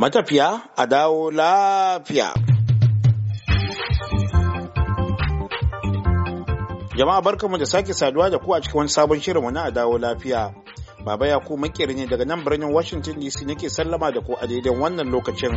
matafiya a dawo lafiya. Jama'a barkanmu da sake saduwa da ku a cikin wani sabon shirinmu na a dawo lafiya. Baba ya ku makeri ne daga nan birnin Washington DC nake sallama da ku a daidai wannan lokacin.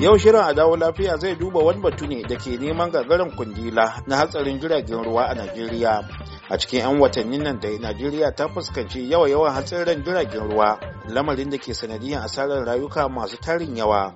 Yau shirin a dawo lafiya zai duba wani batu ne da ke neman gagarin kundila na hatsarin jiragen ruwa a Najeriya. A cikin 'yan watannin nan dai Najeriya ta fuskanci yawa-yawan hatsarin jiragen ruwa, lamarin da ke sanadiyar asarar rayuka masu tarin yawa.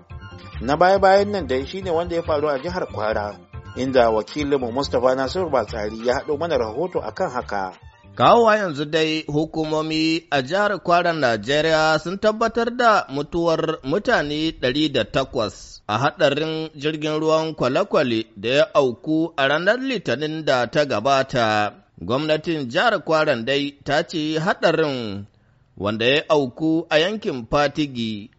Na baya-bayan nan dai shine wanda ya faru a jihar Kwara, inda wakilinmu Mustapha Nasiru Batsari ya haɗo mana rahoto akan haka. Kawowa yanzu dai hukumomi a jihar Kwara Najeriya sun tabbatar da mutuwar mutane ɗari da takwas, a haɗarin jirgin ruwan kwale-kwale da ya auku a ranar Litinin da ta gabata. Gwamnatin jihar Kwara dai ta ce haɗarin wanda ya auku a yankin Fatigi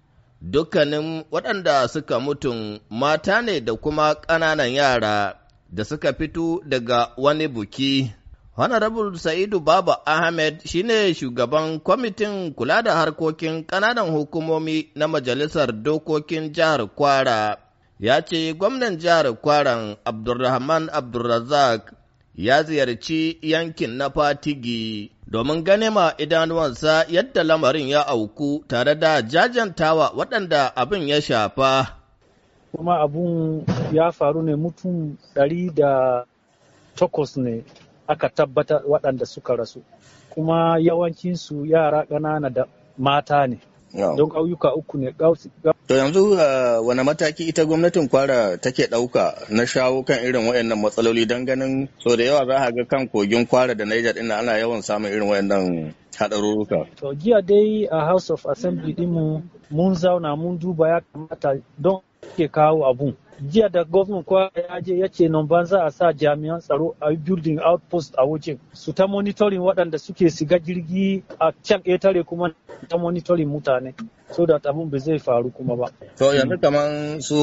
dukkanin waɗanda suka mutum mata ne da kuma ƙananan yara da suka fito daga wani buki. Honorable Sa'idu Baba Ahmed shine shugaban kwamitin kula da harkokin ƙananan hukumomi na Majalisar Dokokin Jihar Kwara, ya ce gwamnan jihar Kwaran Abdulrahman Abdulrazak ya ziyarci yankin na Fatigi domin ganema idanuwansa yadda lamarin ya auku tare da jajantawa waɗanda abin ya shafa. Kuma abun ya faru ne mutum ɗari da takwas ne aka tabbatar waɗanda suka rasu kuma yawancinsu yara ƙanana da mata ne don ƙauyuka uku ne to yanzu uh, wani mataki ita gwamnatin kwara take ɗauka na shawo kan irin waɗannan matsaloli don ganin so da yawa za a ga kan kogin kwara da niger ina ana yawan samun irin waɗannan haɗarurruka to jiya dai a house of assembly dinmu mun zauna mun duba ya kamata don ke kawo abun jiya da gwamnan kwa ya je ya ce nan za a sa jami'an tsaro a building outpost a wajen su ta monitorin waɗanda suke siga jirgi a can ƙetare kuma ta monitoring mutane so da abun ba zai faru kuma ba. To yanzu kamar su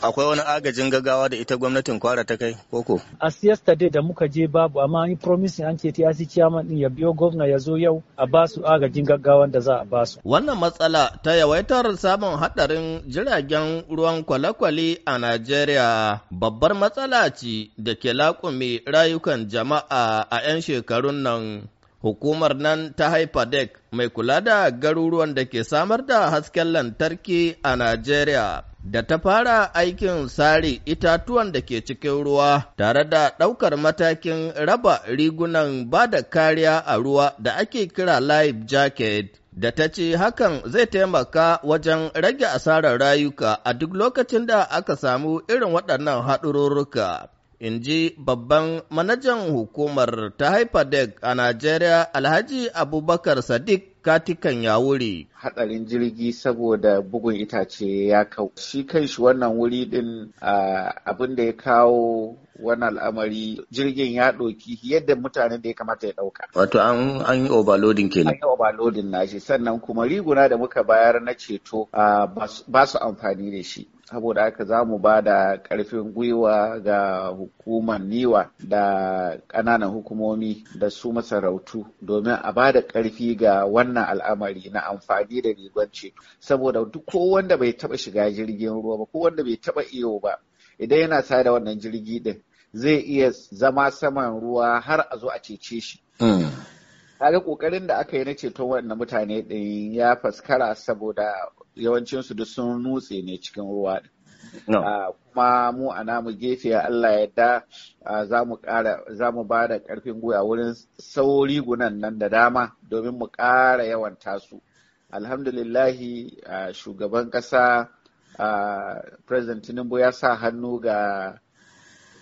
akwai wani agajin gaggawa da ita gwamnatin kwara ta kai koko? As yesterday da muka je babu amma an yi promising an ce ta yasi chairman din ya biyo gwamna ya zo yau a basu agajin gaggawa da za a ba su. Wannan matsala ta yawaitar samun hadarin jiragen ruwan kwale-kwale a Najeriya babbar matsala ce da ke laƙume rayukan jama'a a 'yan shekarun nan. Hukumar nan ta haifa dek mai kula da garuruwan da ke samar da hasken lantarki a Najeriya. Da ta fara aikin sare itatuwan da ke cikin ruwa tare da ɗaukar matakin raba rigunan ba da kariya a ruwa da ake kira "Live jacket. da ta ce hakan zai taimaka wajen rage asarar rayuka a duk lokacin da aka samu irin waɗannan haɗururruka. in ji babban manajan hukumar ta haifadek a Najeriya Alhaji Abubakar Sadiq katikan ya wuri. Hatsarin jirgi saboda bugun itace ya kau. Shi kai shi wannan wuri din abin da ya kawo wani al'amari jirgin ya ɗoki yadda mutanen da ya kamata ya ɗauka. Wato an yi overloading ke An yi overloading na shi sannan kuma riguna da muka bayar na ceto ba su amfani da shi. saboda haka za mu ba da ƙarfin gwiwa ga hukumar niwa da ƙananan hukumomi da su masarautu domin a ba da ƙarfi ga wannan al'amari na amfani da rigon ceto saboda duk ko wanda bai taba shiga jirgin ruwa ba ko wanda bai taba iyo ba idan yana sa da wannan jirgi din zai iya zama saman ruwa har a zo a cece shi hmm. kaga kokarin da aka yi na ceton waɗannan mutane ɗin ya faskara saboda yawancinsu duk sun nutse ne cikin ruwa ah, kuma mu a namu gefe Allah ya da ah, za mu ba da ƙarfin gwiwa wurin sauri gunan nan da dama domin mu ƙara yawan tasu alhamdulillahi ah, shugaban ƙasa president tinubu ya sa hannu ga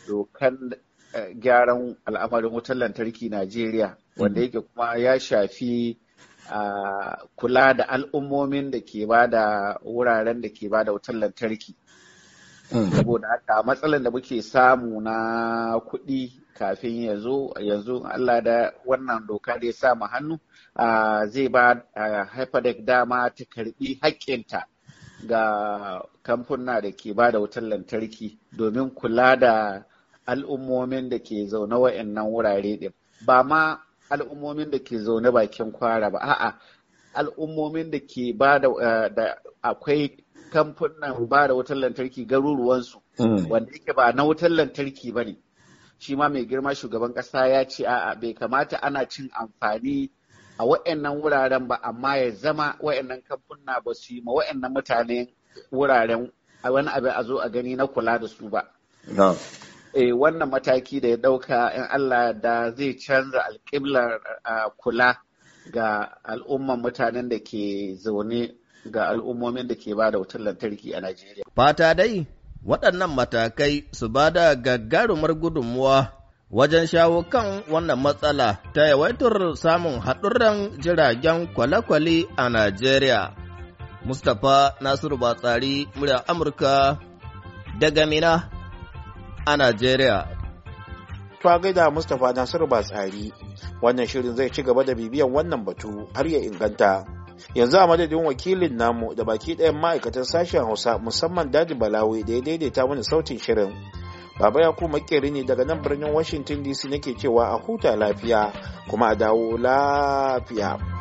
dokan eh, gyaran al'amarin wutar lantarki najeriya wanda hmm. yake kuma ya shafi kula da al'ummomin da ke ba da wuraren da ke ba da wutar lantarki hmm. saboda haka matsalar da muke samu na kuɗi kafin ya yanzu Allah da wannan doka da ya samu hannu zai ba haifadek dama ta karbi haƙƙinta ga kamfuna da ke ba da wutar lantarki domin kula da al'ummomin da ke zaune wa'annan wurare ɗin ba ma al'ummomin da ke zaune bakin kwara ba a'a al'ummomin da ke ba da eh, akwai kamfunan ba da wutar lantarki garuruwansu hmm. wanda yake ba na wutar lantarki ba ne shi ma mai girma shugaban ƙasa ya ce a'a bai kamata ana cin amfani a wa'annan wuraren ba amma ya zama wa'annan kamfuna ba su yi ma wa'annan mutane wuraren wani abin a zo a gani na kula da su ba Eh, wannan mataki da ya ɗauka in Allah da zai canza alƙiblar kula ga al'umman mutanen da ke zaune ga al'ummomin da ke ba da wutar lantarki a Najeriya. Fata dai waɗannan matakai su ba da gagarumar gudunmuwa wajen shawo kan wannan matsala ta yawaitar samun haɗurran jiragen kwale-kwale a Najeriya. Mustapha Nasiru Batsari, murya Amurka, daga Mina. a Najeriya. Tuwa gaida Mustapha Nasiru Batsari wannan shirin zai ci gaba da bibiyan wannan batu har ya inganta. Yanzu a madadin wakilin namu da baki ɗayan ma'aikatan sashen Hausa musamman daji Balawi da ya daidaita mana sautin shirin. Baba Yakubu makeri ne daga nan birnin Washington DC nake cewa a huta lafiya kuma a dawo lafiya.